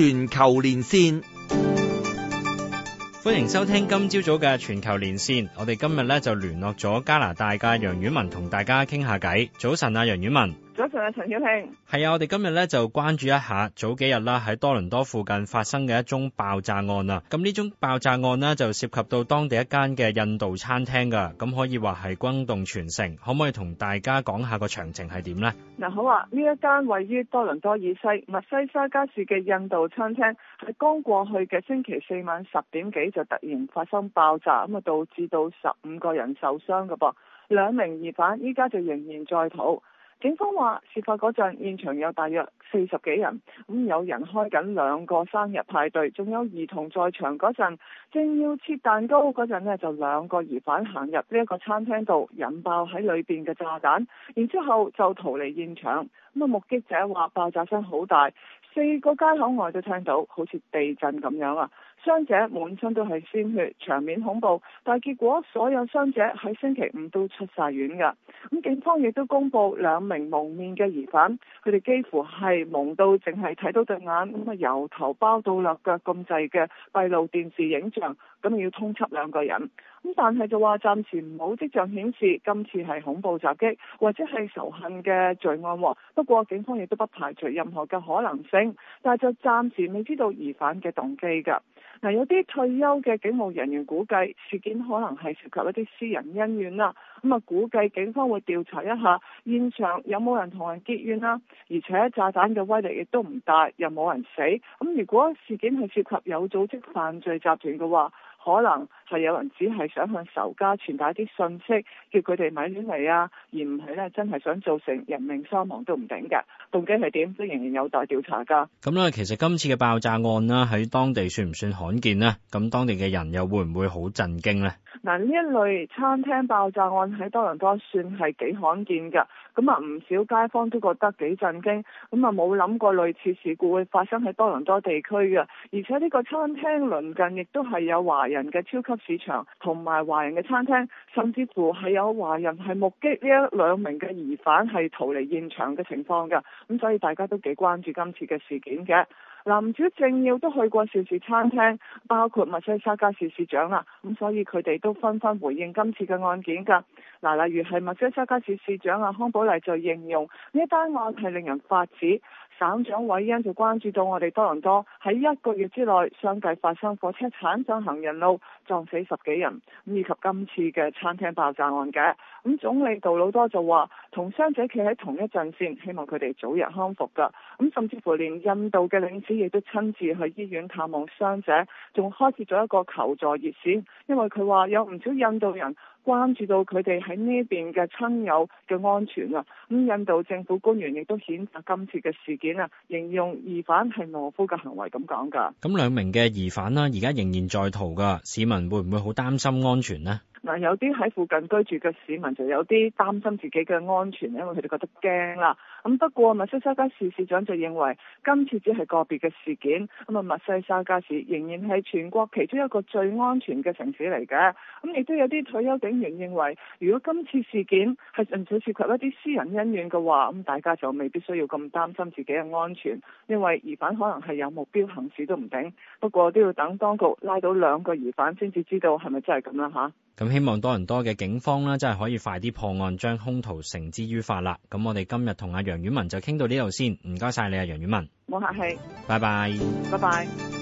全球連線，歡迎收聽今朝早嘅全球連線。我哋今日咧就聯絡咗加拿大嘅楊婉文同大家傾下偈。早晨啊，楊婉文。早晨啊，陳曉慶，係啊！我哋今日咧就關注一下早幾日啦，喺多倫多附近發生嘅一宗爆炸案啊！咁呢宗爆炸案呢，就涉及到當地一間嘅印度餐廳噶，咁可以話係轟動全城。可唔可以同大家講下個詳情係點呢？嗱，好啊！呢一間位於多倫多以西密西沙加市嘅印度餐廳，喺剛過去嘅星期四晚十點幾就突然發生爆炸，咁啊導致到十五個人受傷嘅噃，兩名疑犯依家就仍然在逃。警方話，事發嗰陣現場有大約四十幾人，咁有人開緊兩個生日派對，仲有兒童在場嗰陣，正要切蛋糕嗰陣呢，就兩個疑犯行入呢一個餐廳度引爆喺裏邊嘅炸彈，然之後就逃離現場。咁啊，目擊者話爆炸聲好大，四個街口外都聽到，好似地震咁樣啊！傷者滿身都係鮮血，場面恐怖。但係結果所有傷者喺星期五都出晒院㗎。咁警方亦都公布兩名蒙面嘅疑犯，佢哋幾乎係蒙到淨係睇到對眼，咁啊由頭包到落腳咁滯嘅閉路電視影像，咁要通緝兩個人。咁但係就話暫時唔好跡象顯示今次係恐怖襲擊或者係仇恨嘅罪案。不過警方亦都不排除任何嘅可能性，但係就暫時未知道疑犯嘅動機㗎。嗱，有啲退休嘅警務人員估計事件可能係涉及一啲私人恩怨啦，咁啊估計警方會調查一下現場有冇人同人結怨啦，而且炸彈嘅威力亦都唔大，又冇人死，咁如果事件係涉及有組織犯罪集團嘅話。可能係有人只係想向仇家傳達一啲訊息，叫佢哋咪亂嚟啊，而唔係咧真係想造成人命傷亡都唔定嘅。究竟係點？都仍然有待調查噶。咁咧、嗯，其實今次嘅爆炸案啦，喺當地算唔算罕見呢？咁當地嘅人又會唔會好震驚呢？嗱，呢一類餐廳爆炸案喺多倫多算係幾罕見㗎，咁啊唔少街坊都覺得幾震驚，咁啊冇諗過類似事故會發生喺多倫多地區嘅，而且呢個餐廳鄰近亦都係有華人嘅超級市場同埋華人嘅餐廳，甚至乎係有華人係目擊呢一兩名嘅疑犯係逃離現場嘅情況嘅，咁所以大家都幾關注今次嘅事件嘅。男主政要都去過肇事餐廳，包括密西沙加市市長啦，咁、嗯、所以佢哋都紛紛回應今次嘅案件噶。嗱，例如係密西沙加市市長阿康寶麗就形容呢單案係令人髮指，省長韋恩就關注到我哋多倫多喺一個月之內相繼發生火車鏟生行人路撞死十幾人，以及今次嘅餐廳爆炸案嘅，咁總理杜魯多就話同傷者企喺同一陣線，希望佢哋早日康復噶，咁甚至乎連印度嘅領事亦都親自去醫院探望傷者，仲開設咗一個求助熱線，因為佢話有唔少印度人關注到佢哋喺呢邊嘅親友嘅安全啊！咁印度政府官員亦都譴責今次嘅事件啊，形容疑犯係懦夫嘅行為咁講㗎。咁兩名嘅疑犯啦，而家仍然在逃㗎，市民會唔會好擔心安全呢？但、嗯、有啲喺附近居住嘅市民就有啲擔心自己嘅安全，因為佢哋覺得驚啦。咁、嗯、不過密西沙加市市長就認為今次只係個別嘅事件，咁啊密西沙加市仍然係全國其中一個最安全嘅城市嚟嘅。咁、嗯、亦都有啲退休警員認為，如果今次事件係純粹涉及一啲私人恩怨嘅話，咁、嗯、大家就未必需要咁擔心自己嘅安全，因為疑犯可能係有目標行事都唔定。不過都要等當局拉到兩個疑犯先至知道係咪真係咁啦吓。咁希望多倫多嘅警方啦，真係可以快啲破案，將凶徒繩之於法啦。咁我哋今日同阿楊婉文就傾到呢度先，唔該晒你啊，楊婉文。冇客氣，拜拜 bye。拜拜。